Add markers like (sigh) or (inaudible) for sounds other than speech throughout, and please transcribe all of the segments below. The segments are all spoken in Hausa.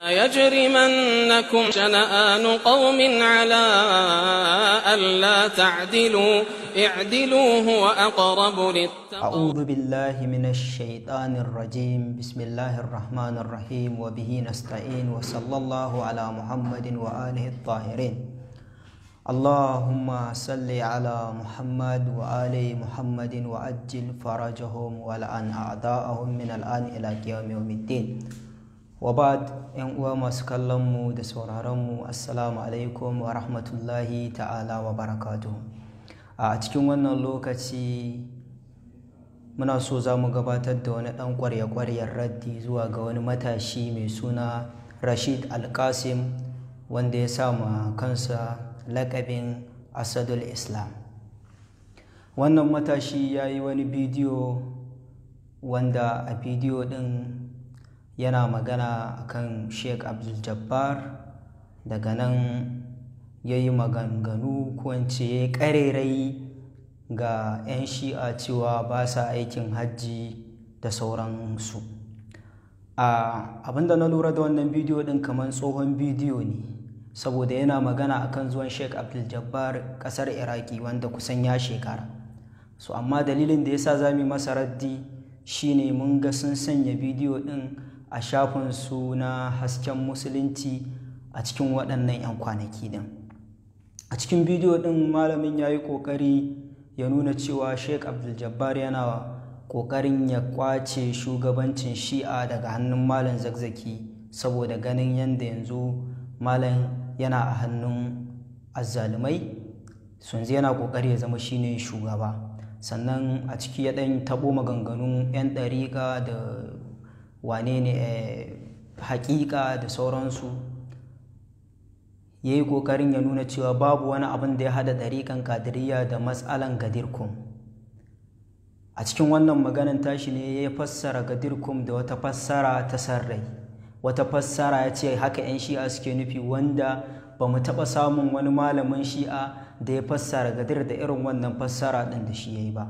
يجرمنكم شنآن قوم على ألا تعدلوا اعدلوا هو أقرب للتقوى أعوذ بالله من الشيطان الرجيم بسم الله الرحمن الرحيم وبه نستعين وصلى الله على محمد وآله الطاهرين اللهم صل على محمد وآل محمد وأجل فرجهم ولأن أعداءهم من الآن إلى يوم الدين wabad yan uwa masu kallon mu da sauraron mu assalamu alaikum wa rahmatullahi ta'ala wa barakatu a cikin wannan lokaci muna so za mu gabatar da wani ɗan kwarya kwaryar raddi zuwa ga wani matashi mai suna rashid alkasim wanda ya sama kansa laƙabin asadul islam wannan matashi ya yi wani bidiyo wanda a bidiyo ɗin yana magana kan sheik abdul-jabbar daga nan ya yi maganganu ko ya karerai ga 'yan shi'a cewa ba sa aikin hajji da sauransu abinda na lura da wannan bidiyo ɗin kamar tsohon bidiyo ne saboda yana magana akan zuwan sheik abdul-jabbar ƙasar iraki wanda kusan ya shekara so amma dalilin da ya sa za mu masa raddi shine mun ga sun sanya bidiyo ɗin a shafin su na hasken musulunci a cikin waɗannan 'yan kwanaki din a cikin bidiyo ɗin malamin ya yi ƙoƙari ya nuna cewa sheik abdul yana ƙoƙarin ya ƙwace shugabancin shi'a daga hannun malam zakzaki saboda ganin yadda yanzu malam yana a hannun azzalumai sunzi yana ƙoƙari ya zama shine shugaba sannan a ciki ya ɗan taɓo maganganun 'yan ɗariƙa da wane ne eh, haƙiƙa da sauransu ya yi ƙoƙarin ya nuna cewa babu wani abin da ya haɗa ɗariƙan kadiriya da matsalan gadirkum a cikin wannan maganan tashi ne ya fassara gadirkum da wata fassara ta sarrai wata fassara ya ce haka 'yan shi'a suke nufi wanda ba mu taɓa samun wani malamin shi'a da ya fassara gadir da irin wannan fassara ɗin da shi ya yi ba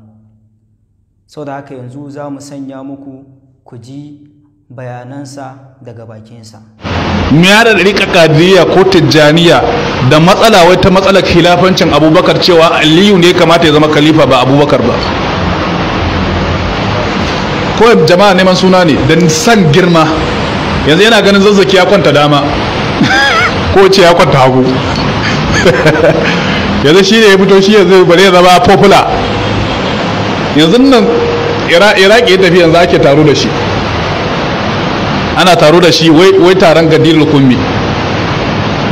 sau da haka yanzu za mu sanya muku ku ji bayanansa daga bakinsa miya da ɗariƙa ƙadiriya ko tijjaniya da matsala wai ta matsalar khilafancin abubakar cewa aliyu ne kamata ya zama khalifa ba abubakar ba ko jama'a neman suna ne da san girma yanzu yana ganin zazzaki ya kwanta dama (laughs) ko ce ya kwanta hagu (laughs) yanzu shi ne ya fito shi yanzu bare ya zama popular yanzu nan iraki ya tafi yanzu ake taro da shi ana taro da shi wai taron gadilul kummi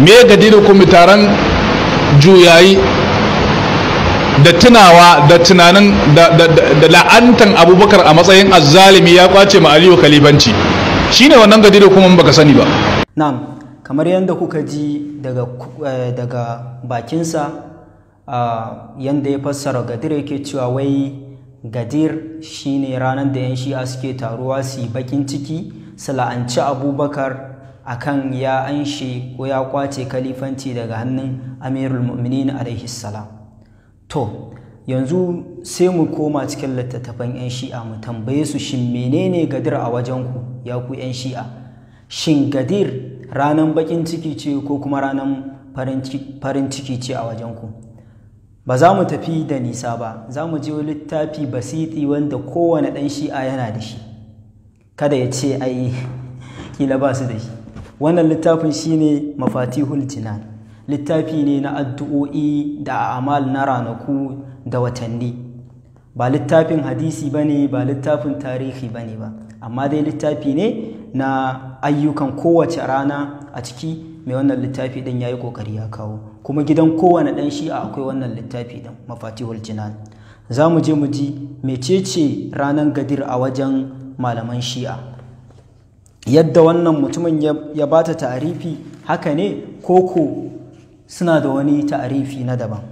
me gadilul kummi taron juyayi da tunawa da tunanin da la'antan abubakar a matsayin azzalimi ya kwace ma aliyu kalibanci shine wannan gadilul ba baka sani ba na'am kamar yadda kuka ji daga eh, bakinsa ah, yadda ya fassara gadir yake cewa wai gadir shine ranar da 'yan shi'a suke taruwa su yi bakin ciki su la'anci abubakar kan ya anshe ko ya kwace kalifanci daga hannun amirul mu'minin alaihi salam to yanzu sai mu koma cikin littattafan 'yan shi'a mu tambaye su shin menene gadir a wajenku ya ku 'yan shi'a shin gadir ranar bakin ciki ce ko kuma ranar farin ciki ce a wajenku ba za mu tafi da nisa ba za mu je littafi basiti wanda kowane ɗan shi'a yana da shi kada ya ce ai kila ba su da shi wannan littafin shine mafatihul jinan littafi ne na addu'o'i da amal na ranaku da watanni ba littafin hadisi ba ne ba littafin tarihi ba ne ba amma dai littafi ne na ayyukan kowace rana a ciki mai wannan littafi ya yi kokari ya kawo kuma gidan kowane dan shi'a akwai wannan littafi din mafatihul jinan za mu je mu ji mecece ranar gadir a wajen malaman shi'a yadda wannan mutumin ya ba ta ta'arifi haka ne koko suna da wani tarifi na daban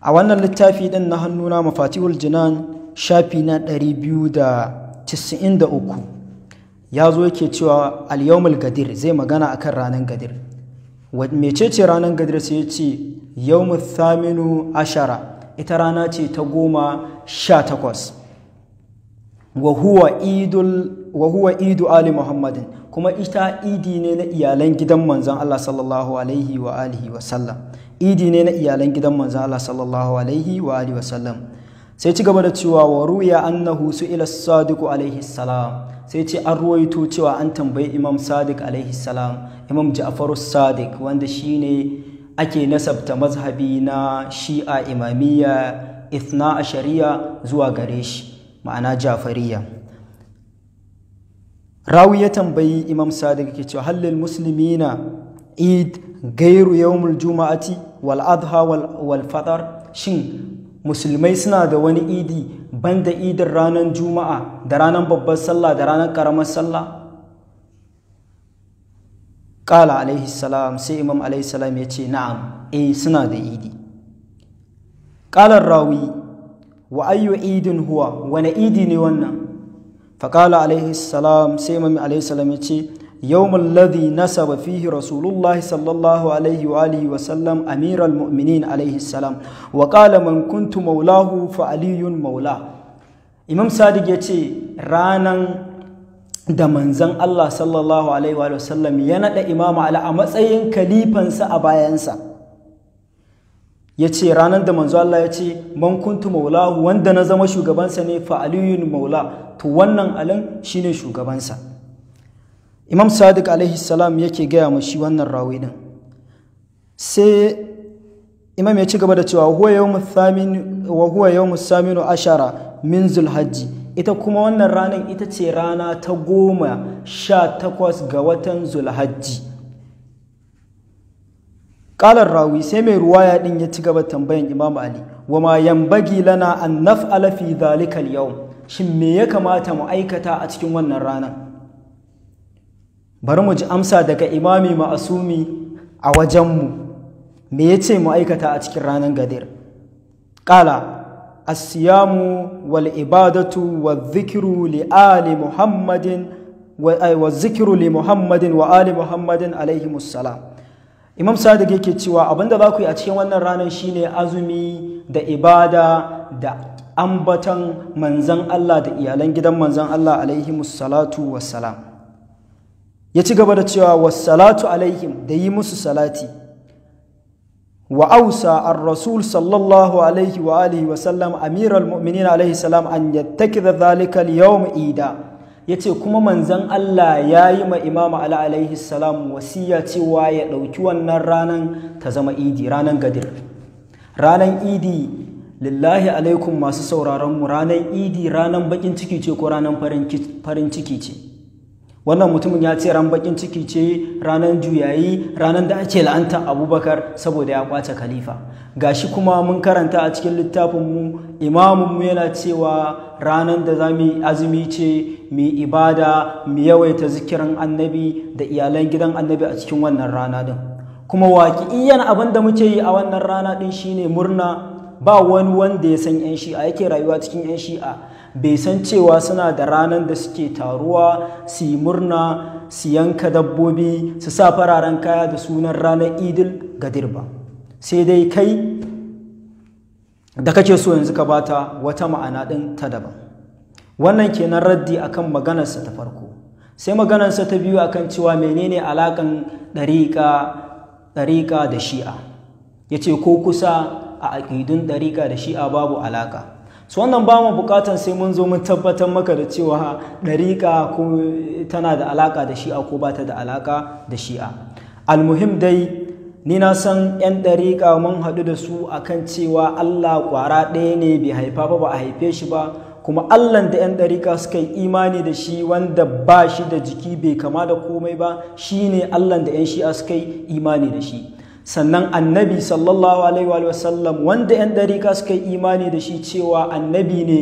a wannan littafi ɗin na hannuna mafatihul jinan shafi na 293 ya zo yake cewa alyawmul gadir zai magana a kan ranar gadir ce ranar gadir sai ya ce yawmul thaminu ashara ita rana ce ta goma sha takwas wa huwa idu ali muhammadin kuma ita idi ne na iyalan gidan manzan Allah sallallahu alaihi wa alihi wa sallam idi ne na iyalan gidan manzan Allah sallallahu alaihi wa alihi wa sallam sai ci gaba da cewa wa ruya annahu su ila sadiq alaihi salam sai ce an ruwaito cewa an tambayi imam sadiq alaihi salam imam ja'faru sadiq wanda shine ake nasabta mazhabi na shi'a imamiyya ithna ashariya zuwa gare shi ma'ana jafariya rawi ya tambayi imam sadiq ke cewa halil na id gairu yawmul juma'ati wal adha wal fadar shin musulmai suna da wani idi banda idin ranar juma'a da ranar babbar sallah da ranar karamar sallah kala alaihi salam sai imam alaihi salam ya ce na'am eh suna da idi kalar rawi wa ayyu idin huwa wani idi ne wannan faƙala alaihi salam sai mami alaihi salam ya ce yawmul ladhi nasaba fihi rasulullah sallallahu alaihi wa alihi wa sallam amiral mu'minin alaihi salam wa qala man kuntu maulahu fa aliyun maula imam sadiq ya ce ranan da manzan Allah sallallahu alaihi wa sallam ya naɗa imama ala a matsayin kalifansa a bayansa ya ce ranar da manzo Allah ya ce man kuntu maulahu wanda na zama shugabansa ne fa aliyun maula to wannan alin shine shugabansa imam sadiq alaihi salam yake gaya ma shi wannan rawi din sai imam ya ci gaba da cewa huwa yawmu wa huwa yawmu saminu ashara min zulhajji ita kuma wannan ranar ita ce rana ta goma sha takwas ga watan zulhajji Ƙalar rawi sai mai ruwaya ɗin ya ci gaba tambayan Imam Ali, wa ma yambagi lana an naf'ala fi dhalikal yau, shin me ya kamata mu aikata a cikin wannan rana Bari mu ji amsa daga imami ma'asumi a wajenmu, me ya ce mu aikata a cikin ranar gadir? Ƙala, asiyamu wal ibadatu wa zikiru li ali Muhammadin wa Muhammadin ali Muhammadin alaihi imam sadiq yake cewa abinda za ku yi a cikin wannan ranar shine azumi da ibada da ambatan manzan Allah da iyalan gidan manzan Allah alaihi musallatu wassalam ya ci gaba da cewa wassalatu alaihim da yi musu salati wa ausa ar-rasul sallallahu alaihi wa alihi wa sallam amiral mu'minin alaihi salam an yattakida da al-yawm ida ya ce kuma manzan Allah ya yi ma imama ala alaihi salam wasiya cewa ya ɗauki wannan ranan ta zama idi ranan gadir ranan idi lillahi alaikum masu sauraron mu ranan idi ranan bakin ciki ce ko ranan farin ciki ce wannan mutumin ya ce ran bakin ciki ce ranan juyayi ranan da ake la'anta abubakar saboda ya kwace khalifa gashi kuma mun karanta a cikin littafinmu imamunmu yana cewa ranar da za mu azumi ce mu ibada mu yawaita zikirin annabi da iyalan gidan annabi a cikin wannan rana din kuma waƙi'iyan abin da muke yi a wannan rana din shine murna ba wani wanda ya san 'yan shi'a yake rayuwa cikin 'yan shi'a bai san cewa suna da ranar da suke taruwa su yi murna su yanka dabbobi su sa fararen kaya da sunan ranar idil gadir ba sai dai kai da kake so yanzu ka bata wata ma'ana ɗin ta daban wannan kenan raddi akan maganarsa ta farko sai maganarsa ta biyu akan cewa menene alakan ɗariƙa da shi'a ya ce ko kusa a aƙidun ɗariƙa da shi'a babu alaƙa su wannan ba mu buƙatar sai mun zo mun tabbatar maka da cewa ɗariƙa tana da alaƙa da shi'a ko ba ta da alaƙa da shi'a almuhim dai ni na san 'yan ɗariƙa mun haɗu da su akan cewa Allah ƙwara ɗaya ne bai haifa ba ba a haife shi ba kuma Allahn da 'yan ɗariƙa suka yi imani da shi wanda ba shi da jiki bai kama da komai ba shi ne allah da 'yan shi'a suka yi imani da shi sannan annabi sallallahu alaihi wa sallam wanda 'yan dariƙa suka yi imani da shi cewa annabi ne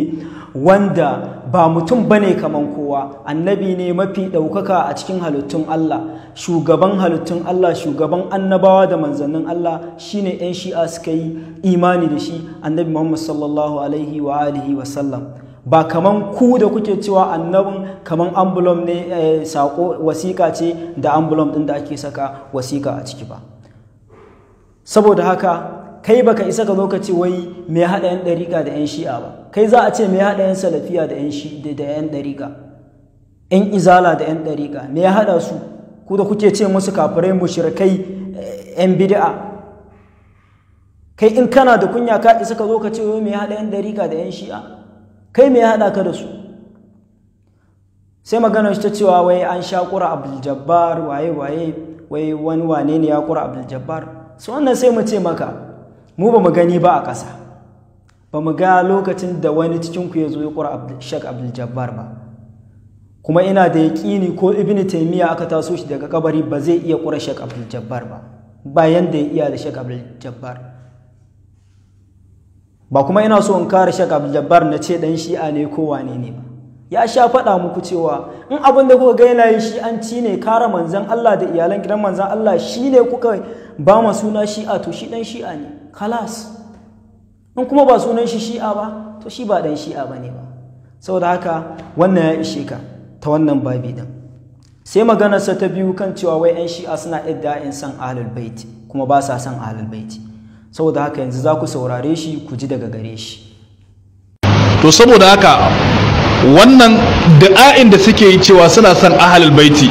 wanda ba mutum ba ne kaman kowa annabi ne mafi ɗaukaka a cikin halittun Allah shugaban halittun Allah shugaban annabawa da manzannin Allah shi shine 'yan shi'a suka yi imani da shi annabi Muhammad sallallahu alaihi wa alihi wa sallam ba kaman ku da kuke cewa annabin kaman ambulom ne eh, sako wasiƙa ce da ambulom ɗin da ake saka wasiƙa a ciki ba saboda haka kai baka isa ka zo ka ce wai mai haɗa 'yan ɗariƙa da 'yan shi'a ba kai za a ce mai haɗa 'yan salafiya da 'yan ɗariƙa 'yan izala da 'yan ɗariƙa mai haɗa su ku da kuke ce musu kafirai mushrikai 'yan eh, bid'a kai in kana da kunya ka isa ka zo ka ce wai mai haɗa 'yan ɗariƙa da 'yan shi'a kai mai haɗa ka da su sai maganar ta cewa wai an sha ƙura abdul jabbar waye waye wai wani wane ne ya ƙura abdul jabbar su wannan sai mu ce maka mu ba mu gani ba a ƙasa ba mu ga lokacin da wani cikin ku ya zo ya ƙura shek abdul jabbar ba kuma ina da yaƙini ko ibn taimiyya aka taso shi daga kabari ba zai iya ƙura shek abdul jabbar ba bayan da ya iya da shek abdul jabbar ba kuma ina so in kare shek abdul jabbar na ce dan shi'a ne ko wane ne ba ya sha faɗa muku cewa in abin da kuka ga yana yi shi an ci ne kare manzan Allah da iyalan gidan manzan Allah shi ne kuka ba ma suna shi'a to shi dan shi'a ne kalas in kuma ba sunan shi shi'a ba to shi ba dan shi'a ba ne ba saboda haka wannan ya ishe ka ta wannan babi din sai maganarsa ta biyu kan cewa wai 'yan shi'a suna idda 'yan san ahlul baiti, kuma ba sa san ahlul bait saboda haka yanzu za ku saurare shi ku ji daga gare shi to saboda haka wannan da'a'in da suke yi cewa suna son ahlul baiti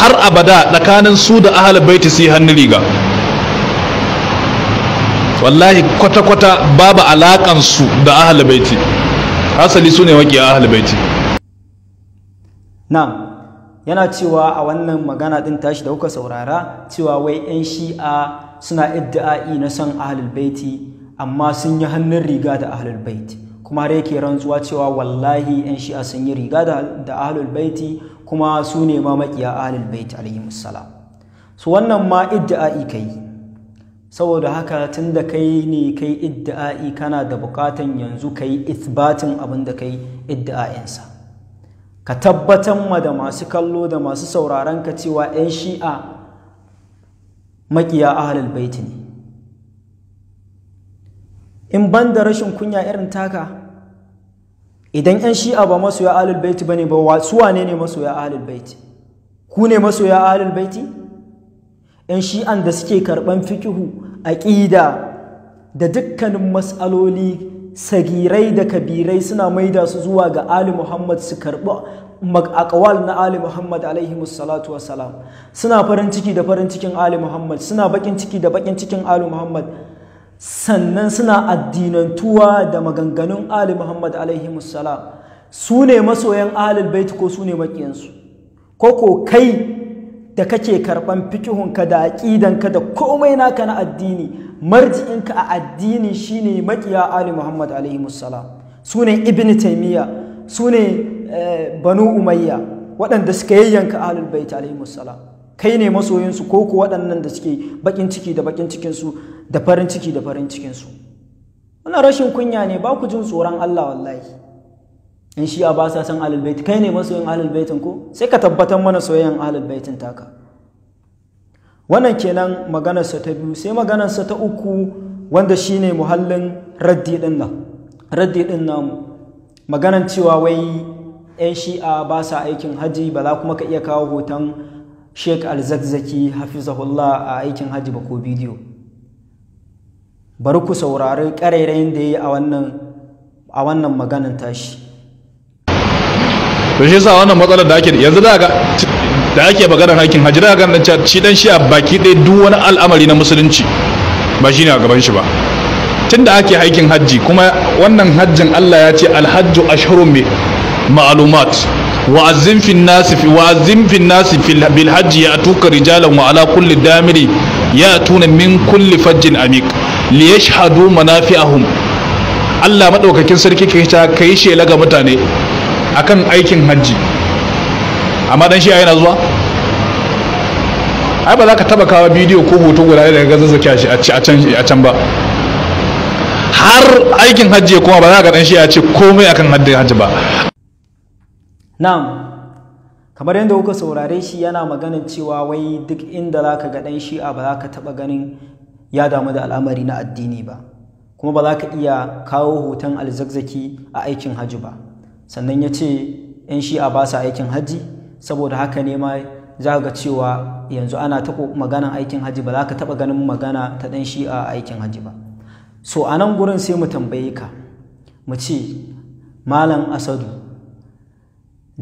har abada tsakanin su da ahal baiti su yi hannun riga wallahi kwata-kwata babu alaƙansu da ahal baiti asali su ne waƙi ahal baiti Na yana cewa a wannan magana ɗin tashi da kuka saurara cewa wai 'yan shi'a suna iddi'a'i na son ahlul baiti amma sun yi hannun riga da ahlul baiti kuma da yake rantsuwa cewa wallahi 'yan shi'a sun yi riga da ahlul baiti kuma su ne ma makiya ahlul baiti alayhi musala su wannan ma idda'i kai saboda haka tun da kai ne kai idda'i kana da bukatan yanzu kai ithbatin abin da kai idda'insa ka tabbatar ma da masu kallo da masu sauraron ka cewa 'yan shi'a makiya ahlul baiti ne in ban da rashin kunya irin taka idan yan shi'a ba masoya ahlul baiti ne ba wasuwa wane ne masoya ahlul baiti ku ne masoya ahlul baiti yan shi'an da suke karban fikihu a ƙida da dukkanin matsaloli, sagirai da kabirai suna maida su zuwa ga ali muhammad su karbi akawal na ali muhammad alaihi musallatu wasalam suna farin ciki da farin cikin ali muhammad suna bakin ciki da bakin cikin ali muhammad sannan suna addinantuwa da maganganun ali muhammad alaihi salam su ne masoyan ahalul baiti ko su ne makiyansu ko ko kai da kake karban fikihunka da aƙidanka da komai naka na addini marji'inka a addini shine maƙiya ali muhammad alaihi salam su ne ibn taimiyya su ne eh, banu umayya waɗanda suka yayyanka Ali baiti alaihi salam kai ne masoyinsu ko ku waɗannan da suke bakin ciki da bakin cikinsu da farin ciki da farin cikinsu wannan rashin kunya ne ba ku jin tsoron Allah wallahi in shi a ba sa san ahlul kai ne masoyin alalbaitin ko sai ka tabbatar mana soyayyan alalbaitin taka wannan kenan maganarsa ta biyu sai maganarsa ta uku wanda shine muhallin raddi din namu Maganar cewa wai 'yan shi'a ba sa aikin hajji ba za kuma ka iya kawo hoton Sheikh Al-Zakzaki hafizahullah a aikin hajji Bako bidiyo bari ku saurari ƙarairayin da ya yi a wannan maganin tashi to shi sa wannan matsalar da ake yanzu da da ake maganar hakin hajji da ganin cewa shi dan shi a baki ɗaya duk wani al'amari na musulunci ba shi ne a gaban shi ba tun da ake haikin hajji kuma wannan hajjin Allah ya ce alhajju ashhurun ma'lumat وعزم في الناس في وعزم في الناس في بالحج ya'tuka rijalan وعلى كل kulli يأتون من min فج fajjin amik li yashhadu manafi'ahum Allah madaukakin sarki kai ta kai ga mutane akan aikin hajji amma dan shi yana zuwa ai ba za ka taba kawo bidiyo ko hoto guda daga gazan zakiya shi a can ba har aikin hajji kuma ba za ka dan shi ya ce komai akan hajji ba na'am kamar yadda kuka saurare shi yana maganin cewa wai duk inda za ka ga ɗan shi'a ba za ka taɓa ganin ya damu da al'amari na addini ba kuma ba za ka iya kawo hoton alzakzaki a aikin hajji ba sannan ya ce 'yan shi'a ba sa aikin hajji saboda haka ne ma za ga cewa yanzu ana ta maganan aikin hajji ba za ka taɓa ganin magana ta ɗan shi'a a aikin hajji ba so a nan gurin sai mu tambaye ka mu ce malam asadu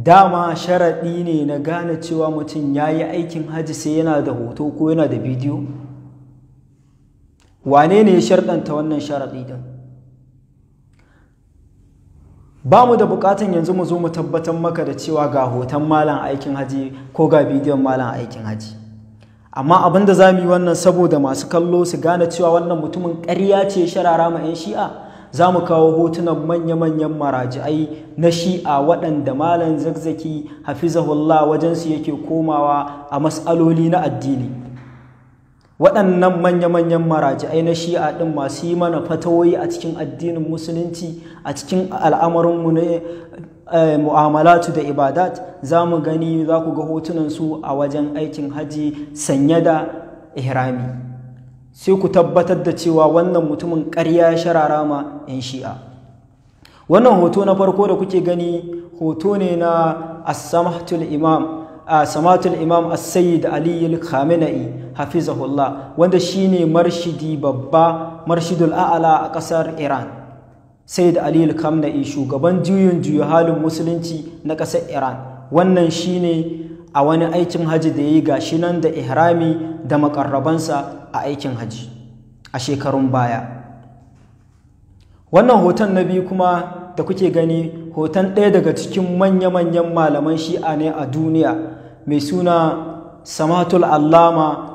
dama sharaɗi ne na gane cewa mutum ya yi aikin hajji sai yana da hoto ko yana da bidiyo wane ne ya sharɗanta wannan sharaɗi din ba mu da buƙatan yanzu mu zo mu tabbatar maka da cewa ga hoton malam aikin hajji ko ga bidiyon malam aikin hajji, amma abin da za mu yi wannan saboda masu kallo su gane cewa wannan mutumin ƙarya ce sharara ma 'yan shi'a za mu kawo hotunan manya-manyan maraji'ai na shi'a waɗanda malam zakzaki hafizahullah wajensu yake komawa a matsaloli na addini waɗannan manya-manyan maraji'ai na shi'a ɗin masu yi mana fatawoyi a cikin addinin musulunci a cikin al'amarinmu na eh, mu'amalatu da ibadat za mu gani za ku ga hotunansu a wajen aikin haji sanye da ihrami. sai ku tabbatar da cewa wannan mutumin karya ya sharara ma 'yan shi'a wannan hoto na farko da kuke gani hoto ne na asamatul samatul imam samatul imam sayyid ali al-khamenei hafizahullah wanda shine marshidi babba marshidul a'ala a ƙasar iran sayyid ali khamenei shugaban juyin juya halin musulunci na ƙasar iran wannan shine a wani aikin haji da ya yi gashi nan da ihrami da makarrabansa a aikin haji a shekarun baya wannan hoton na biyu kuma da kuke gani hoton ɗaya daga cikin manya-manyan malaman shi'a ne a duniya mai suna samatul allama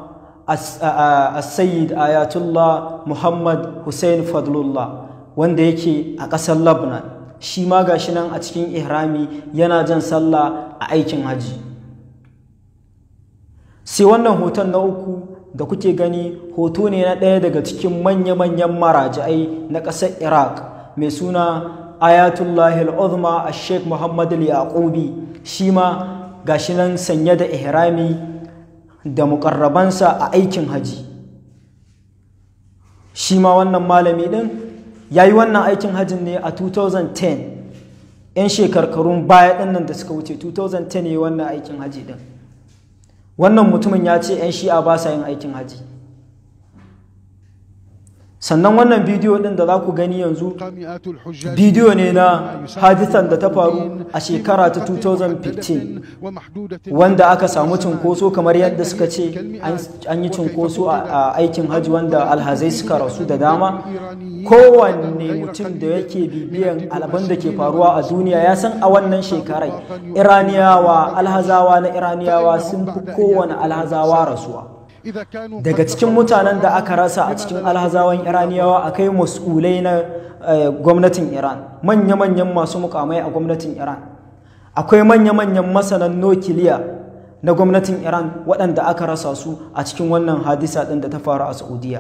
as-sayyid ayatullah muhammad hussein fadlullah wanda yake a ƙasar Labnan. shi ma gashi nan a cikin ihrami yana jan sallah a aikin hajji sai wannan hoton na uku da kuke gani hoto ne na ɗaya daga cikin manya-manyan marajiai na ƙasar iraq mai suna ayatullah al-uzma sheikh muhammad al-yaqubi shi ma gashi nan sanye da ihrami da mukarrabansa a aikin haji shi ma wannan malami ɗin ya yi wannan aikin hajin ne a 2010 'yan shekarkarun baya ɗin da suka wuce 2010 ne wannan aikin haji ɗin wannan mutumin ya ce 'yan shi'a ba sa yin aikin haji sannan wannan bidiyo ɗin da za ku gani yanzu bidiyo ne na hadisan da ta faru a shekara ta 2015 wanda aka samu cinkoso kamar yadda suka ce an yi cinkoso a aikin hajji wanda alhazai suka rasu da dama kowane mutum da yake bibiyan alban da ke faruwa a duniya ya san a wannan shekarai iraniyawa alhazawa na iraniyawa sun fi kowane alhazawa rasuwa daga cikin mutanen da aka rasa a cikin alhazawan iraniyawa akai mas'ulai na eh, gwamnatin iran manya-manyan masu mukamai a gwamnatin iran akwai manya-manyan masanan nukiliya na gwamnatin iran waɗanda aka rasa su a cikin wannan hadisa ɗin da ta faru a saudiya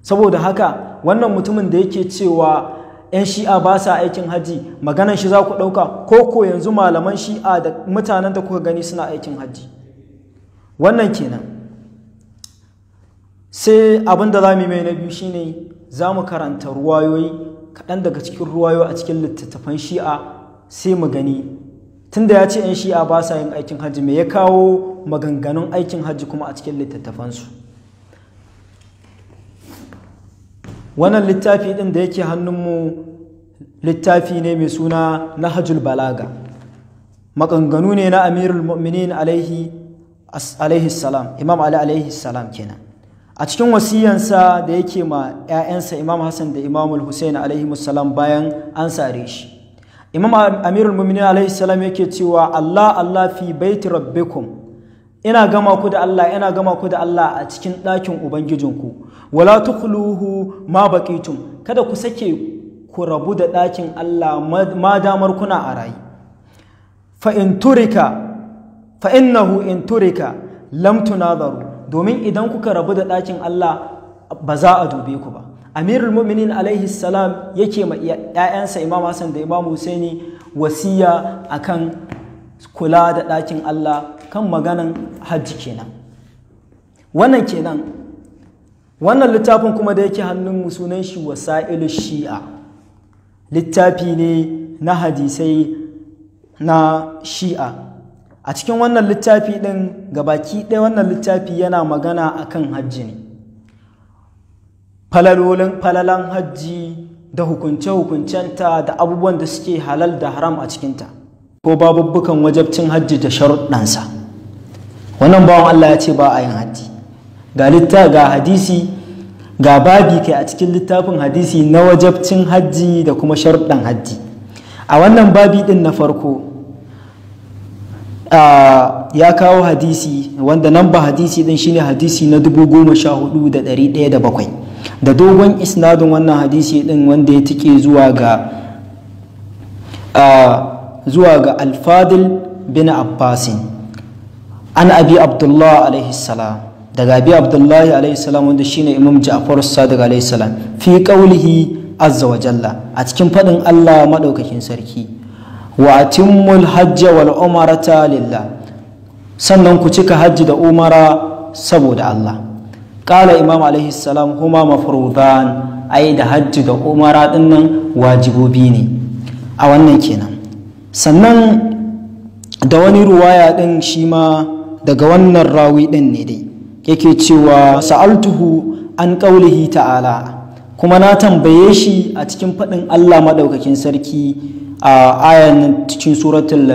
saboda haka wannan mutumin da yake cewa 'yan shi'a ba sa aikin hajji maganan shi za ku ɗauka ko ko yanzu malaman shi'a da mutanen da kuka gani suna aikin hajji wannan kenan sai abin da za mu mai na biyu shine za mu karanta ruwayoyi kaɗan daga cikin ruwayo a cikin littattafan shi'a sai mu gani tunda ya ce 'yan shi'a ba sa yin aikin hajji mai ya kawo maganganun aikin hajji kuma a cikin littattafansu wannan littafi ɗin da yake hannunmu littafi ne mai suna na hajjul balaga maganganu ne na amirul mu'minin alaihi salam imam ali alaihi salam kenan a cikin wasiyansa da yake ma 'ya'yansa imam hassan da imam hussein alaihi bayan an sare shi imam amirul muminin alaihi salam yake cewa allah allah fi baiti rabbikum ina gama ku da allah ina gama ku da allah a cikin ɗakin ubangijinku wala tukuluhu ma baqitum kada ku sake ku rabu da ɗakin allah ma damar kuna a rayu fa in turika fa innahu in turika lam tunadharu domin idan kuka rabu da ɗakin Allah ba za a dube ku ba amirul mu'minin alaihi salam yake ma ‘ya'yansa imam hassan da imam husaini wasiya akan kula da ɗakin Allah kan maganan hajji kenan wannan kenan wannan littafin kuma da yake hannun sunan shi wasa'ilu shi'a littafi ne na hadisai na shi'a a cikin wannan littafi ɗin gabaki ɗaya wannan littafi yana magana akan hajji ne falalolin falalan hajji da hukunce-hukuncenta da abubuwan da suke halal da haram a cikinta ko babubbukan wajabcin hajji da sharuɗansa wannan bawan Allah ya ce ba a yin hajji ga litta ga hadisi ga babi kai a cikin littafin hadisi na wajabcin hajji da kuma sharuɗan hajji a wannan babi ɗin na farko ya kawo hadisi wanda nan ba hadisi din shine hadisi na dubu goma sha hudu da da bakwai da dogon isnadin wannan hadisi din wanda ya tike zuwa ga zuwa ga alfadil bin abbasin an abi Abdullahi alaihi salam daga abi abdullahi alaihi salam wanda shine imam ja'far sadiq alaihi salam fi kaulihi azza wa jalla a cikin faɗin Allah maɗaukakin sarki wa atimmul wal umarata lillah sannan ku cika hajji da umara saboda Allah qala imam alaihi salam huma mafrudan ai da hajji da umara dinnan wajibobi ne a wannan kenan sannan da wani ruwaya din shi ma daga wannan rawi din ne dai yake cewa sa'altuhu an qaulihi ta'ala kuma na tambaye shi a cikin faɗin Allah maɗaukakin sarki a ayan cikin suratul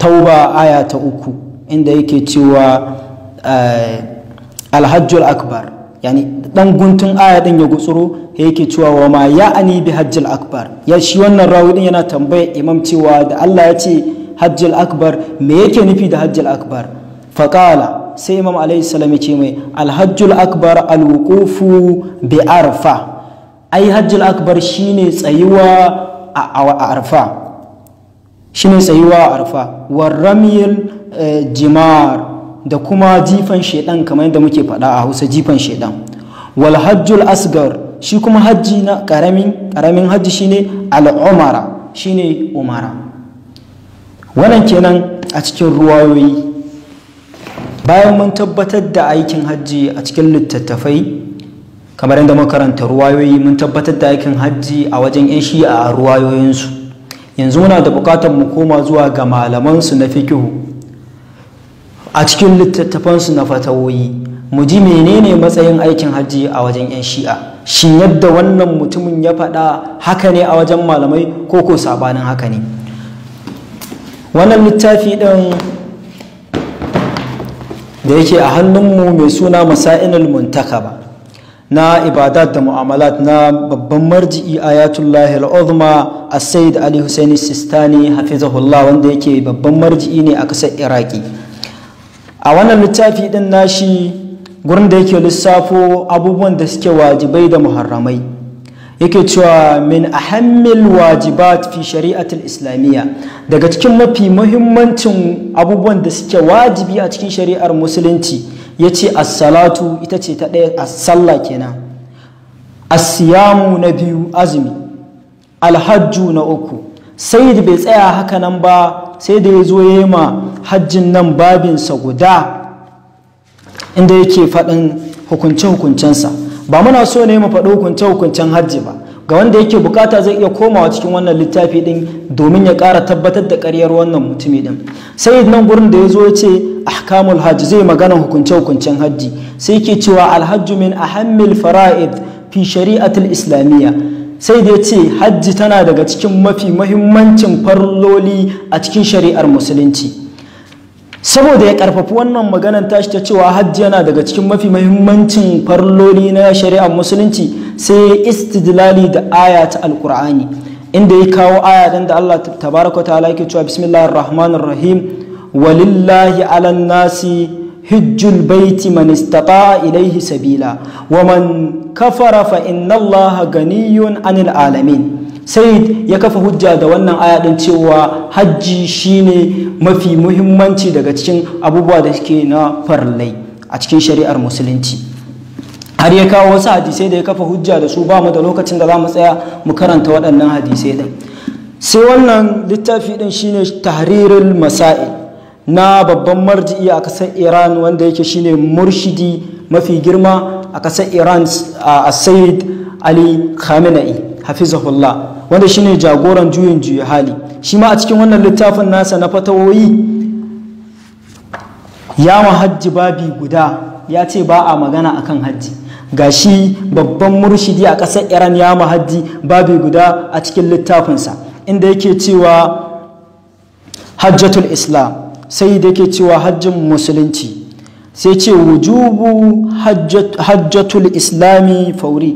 tauba aya ta uku inda yake cewa alhajjul akbar yani dan guntun aya din ya gutsuro yake cewa wa ma ya'ani bi hajjul akbar ya shi wannan rawi din yana tambaya imam cewa da Allah ya ce hajjul akbar me yake nufi da hajjul akbar faqala sai imam alaihi salam ya ce mai alhajjul akbar alwuqufu bi arfa ai hajjul akbar shine tsayuwa a arfa shine tsayuwa a arfa warramiyar eh, jimar da kuma jifan shaidan kamar yadda muke faɗa a hausa jifan shaidan walhajjul hajjul asgar shi kuma hajji na ƙaramin ƙaramin hajji shine al'umara shine umara wannan kenan a cikin ruwayoyi bayan mun tabbatar da aikin hajji a cikin littattafai kamar yadda makaranta ruwayoyi mun tabbatar da aikin hajji a wajen 'yan shi'a a ruwayoyinsu yanzu muna da bukatar mu koma zuwa ga malamansu na fikihu a cikin littattafansu na fatawoyi mu ji menene matsayin aikin hajji a wajen 'yan shi'a shin yadda wannan mutumin ya faɗa haka ne a wajen malamai ko ko sabanin haka ne wannan littafi ɗin da yake a hannunmu mai suna masa'inul muntakaba na ibadat da mu'amalat na babban marji'i ayatullahi al'uzma a said ali husaini sistani hafizahullah wanda yake babban marji'i ne a kasar iraki a wannan littafi din nashi gurin da yake lissafo abubuwan da suke wajibai da muharramai yake cewa min ahammil wajibat fi shari'atul islamiyya daga cikin mafi muhimmancin abubuwan da suke wajibi a cikin shari'ar musulunci ya ce assalatu ita ce ta ɗaya a sallah kenan asiyamu na biyu azumi alhajju na uku sai da bai tsaya haka nan ba sai da ya zo ya yi ma hajjin nan babinsa guda inda yake faɗin hukunce-hukuncensa ba muna so ne mu faɗi hukunce-hukuncen hajji ba ga wanda yake bukata zai iya komawa cikin wannan littafi din domin ya kara tabbatar da ƙaryar wannan mutumin din sai nan gurin da ya zo ya ce ahkamul hajji zai magana hukunce hukuncen hajji sai yake cewa alhajju min ahammil fara'id fi shari'atul islamiyya sai da ya ce hajji tana daga cikin mafi mahimmancin farloli a cikin shari'ar musulunci saboda ya karfafi wannan maganar tashi ta cewa hajji yana daga cikin mafi mahimmancin farloli na shari'ar musulunci sai istidlali da aya ta alkur'ani inda ya kawo aya dan da Allah tabaraka ta'ala yake cewa bismillahir rahmanir rahim walillahi alan nasi hijjul baiti man istata ilaihi sabila wa man kafara fa inna allaha ganiyun anil alamin sai ya kafa hujja da wannan aya din cewa hajji shine mafi muhimmanci daga cikin abubuwa da suke na farlai a cikin shari'ar musulunci har ya kawo wasu hadisai da ya kafa hujja da su ba mu da lokacin da za mu tsaya mu karanta waɗannan hadisai ɗin sai wannan littafi ɗin shine tahrirul masa'i na babban marji'i a ƙasar iran wanda yake shine murshidi mafi girma a kasar iran a sayid ali khamenei hafizahullah wanda shine jagoran juyin juya hali shi ma a cikin wannan littafin nasa na fatawoyi ya mahajji babi guda ya ce ba a magana akan hajji gashi babban murshidi a ƙasar iran ya mahaddi babu guda a cikin littafinsa inda yake cewa hajjatul islam sai da yake cewa hajjin musulunci sai ce wujubu hajjatul islami fauri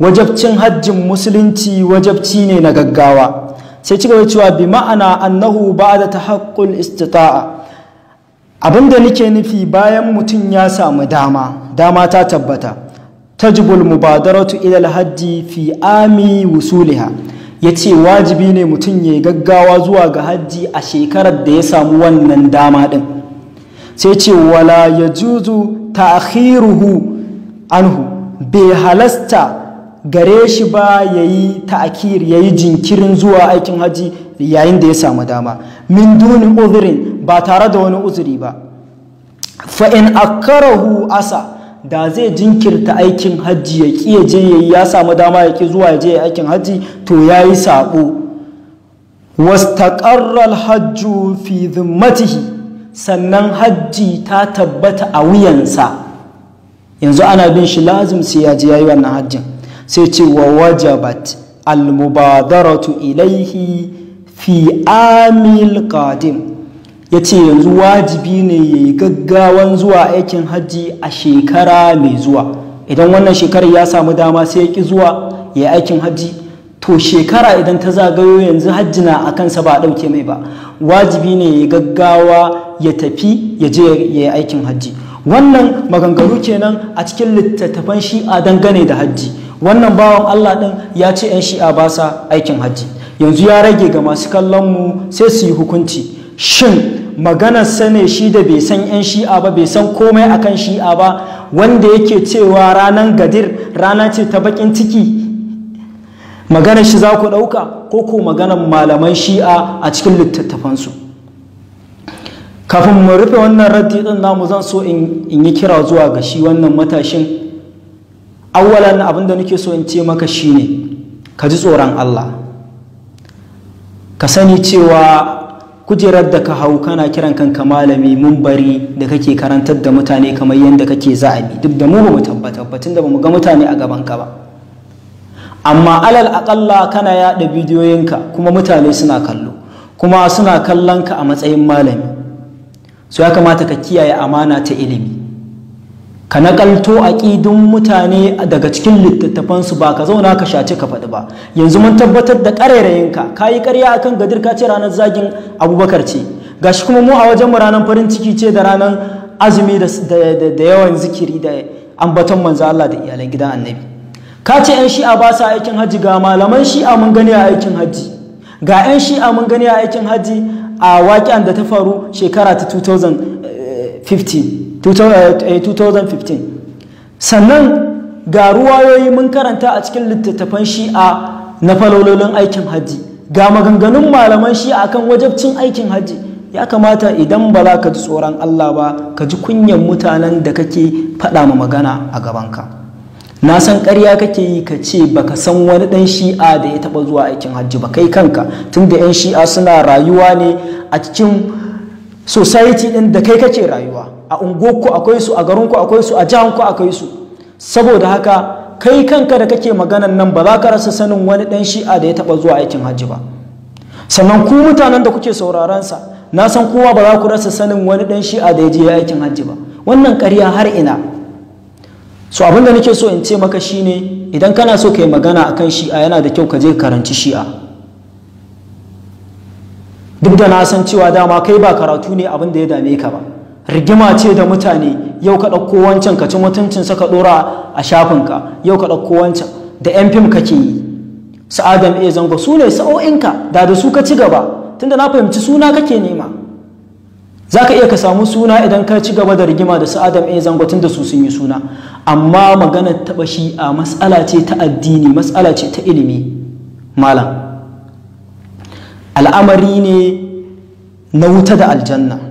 wajabcin hajjin musulunci wajabci ne na gaggawa sai ci gaba cewa bi ma'ana annahu ba da ta haƙƙul istita'a abinda nake nufi bayan mutum ya samu dama dama ta tabbata تجب المبادرة إلى الحج في آمي وصولها ya ce wajibi ne mutum ya gaggawa zuwa ga hajji a shekarar da ya samu wannan dama din. sai ce wala ya ta'khiruhu anhu bai halasta gare shi ba ya yi yayi jinkirin zuwa aikin hajji yayin da ya samu dama min dunin uzrin ba tare da wani uzuri ba fa in akkarahu asa da zai jinkirta aikin hajji ya ƙi ya je ya yi ya samu dama ya ki zuwa ya je ya aikin hajji to ya yi saɓo wastaƙarral hajju fi zimmatihi sannan hajji ta tabbata a wuyansa yanzu ana bin shi lazim sai ya je ya yi wannan hajjin sai ce wa wajabat al-mubadaratu ilaihi fi amil qadim ya ce yanzu wajibi ne ya yi gaggawan zuwa aikin hajji a shekara mai zuwa idan wannan shekarar ya samu dama sai ya ƙi zuwa ya yi aikin hajji to shekara idan ta zagayo yanzu hajji na a kansa ba a ɗauke mai ba wajibi ne ya gaggawa ya tafi ya je ya yi aikin hajji wannan maganganu kenan a cikin littattafan shi'a dangane da hajji wannan bawan allah ɗin ya ce 'yan shi'a ba sa aikin hajji yanzu ya rage ga masu kallon mu sai su yi hukunci shin maganarsa ne shi da bai san 'yan shi'a ba bai san komai akan shi'a ba wanda yake cewa ranar gadir rana ce ta bakin ciki maganar shi za ku ɗauka ko ko maganar malaman shi'a a cikin littattafansu kafin mu rufe wannan raddi ɗin namu zan so in yi kira zuwa ga shi wannan matashin awwalan abin da nake so in ce maka shine ka ji tsoron Allah ka sani cewa kujerar da ka hau kana kiran kanka malami mun bari da kake karantar da mutane kamar yadda kake za'abi duk da mu bamu tabbata da bamu ga mutane a gaban ka ba amma alal aƙalla kana yaɗa bidiyoyinka kuma mutane suna kallo kuma suna kallon ka a matsayin malami so ya kamata ka kiyaye amana ta ilimi ka nakalto aƙidun mutane daga cikin littattafansu ba ka zauna ka shace ka faɗi ba yanzu mun tabbatar da ƙarairayinka ka yi ƙarya akan gadir ka ce ranar zagin abubakar ce gashi kuma mu a wajen mu ranar farin ciki ce da ranar azumi da yawan zikiri da ambaton manzo Allah da iyalan gidan annabi ka ce 'yan shi'a ba sa aikin hajji ga malaman shi'a mun gani a aikin hajji ga 'yan shi'a mun gani a aikin hajji a waƙiyan da ta faru shekara ta 2015 2015 eh, eh, sannan ga ruwayoyi mun karanta a cikin littattafan shi'a na falololin aikin hajji ga maganganun malaman shi'a kan wajabcin aikin hajji ya kamata idan ba za ka ji tsoron Allah ba ka ji kunyan mutanen da kake faɗa ma magana a gabanka na san ƙarya kake yi ka ce baka san wani ɗan shi'a da ya taba zuwa aikin hajji ba kai kanka tunda 'yan shi'a suna rayuwa ne a cikin society ɗin da kai kake rayuwa a unguwarku akwai su a garinku akwai su a jihanku akwai su saboda haka kai kanka da kake maganan nan ba za ka rasa sanin wani dan shi'a da ya taba zuwa aikin hajji ba sannan ku mutanen da kuke sauraron sa na san kowa ba za ku rasa sanin wani dan shi'a da ya je aikin hajji ba wannan ƙarya har ina so abin da nake so in ce maka shine idan kana so ka yi magana akan shi'a yana da kyau ka je karanci shi'a duk da na san cewa dama kai ba karatu ne abin da ya dame ka ba rigima ce da mutane yau ka ɗauko wancan ka ci mutuncin saka ɗora a shafinka yau ka ɗauko wancan da yan fim kake yi su adam e zango su ne sa'o'inka da da su ka ci gaba tunda na fahimci suna kake nema za ka iya ka samu suna idan ka ci gaba da rigima da su adam e zango tunda su sun yi suna amma magana taɓa shi a matsala ce ta addini matsala ce ta ilimi malam al'amari ne na wuta da aljanna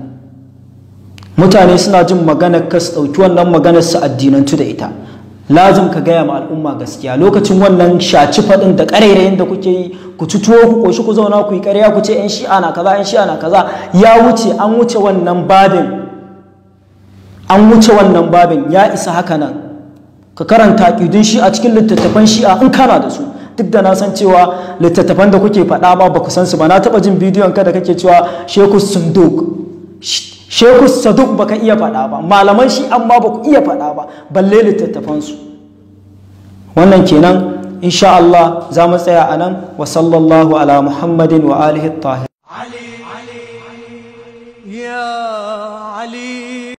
mutane suna jin maganar ka su ɗauki wannan maganar su addinantu da ita lazim ka gaya ma al'umma gaskiya lokacin wannan shaci faɗin da ƙarairayin da kuke yi ku ci tuwo ku ƙoshi ku zauna ku yi ƙarya ku ce 'yan shi'a na kaza 'yan shi'a na kaza ya wuce an wuce wannan babin an wuce wannan babin ya isa haka nan ka karanta ƙidun shi a cikin littattafan shi'a in kana da su duk da na san cewa littattafan da kuke faɗa ma ba ku san su ba na taɓa jin bidiyon ka da kake cewa sheku sunduk shekus saduk baka iya faɗa ba malaman shi amma ba ku iya faɗa ba balle littattafansu wannan kenan insha Allah za mu tsaya a nan wa sallallahu ala muhammadin wa alihi tahir Ali, Ya Ali.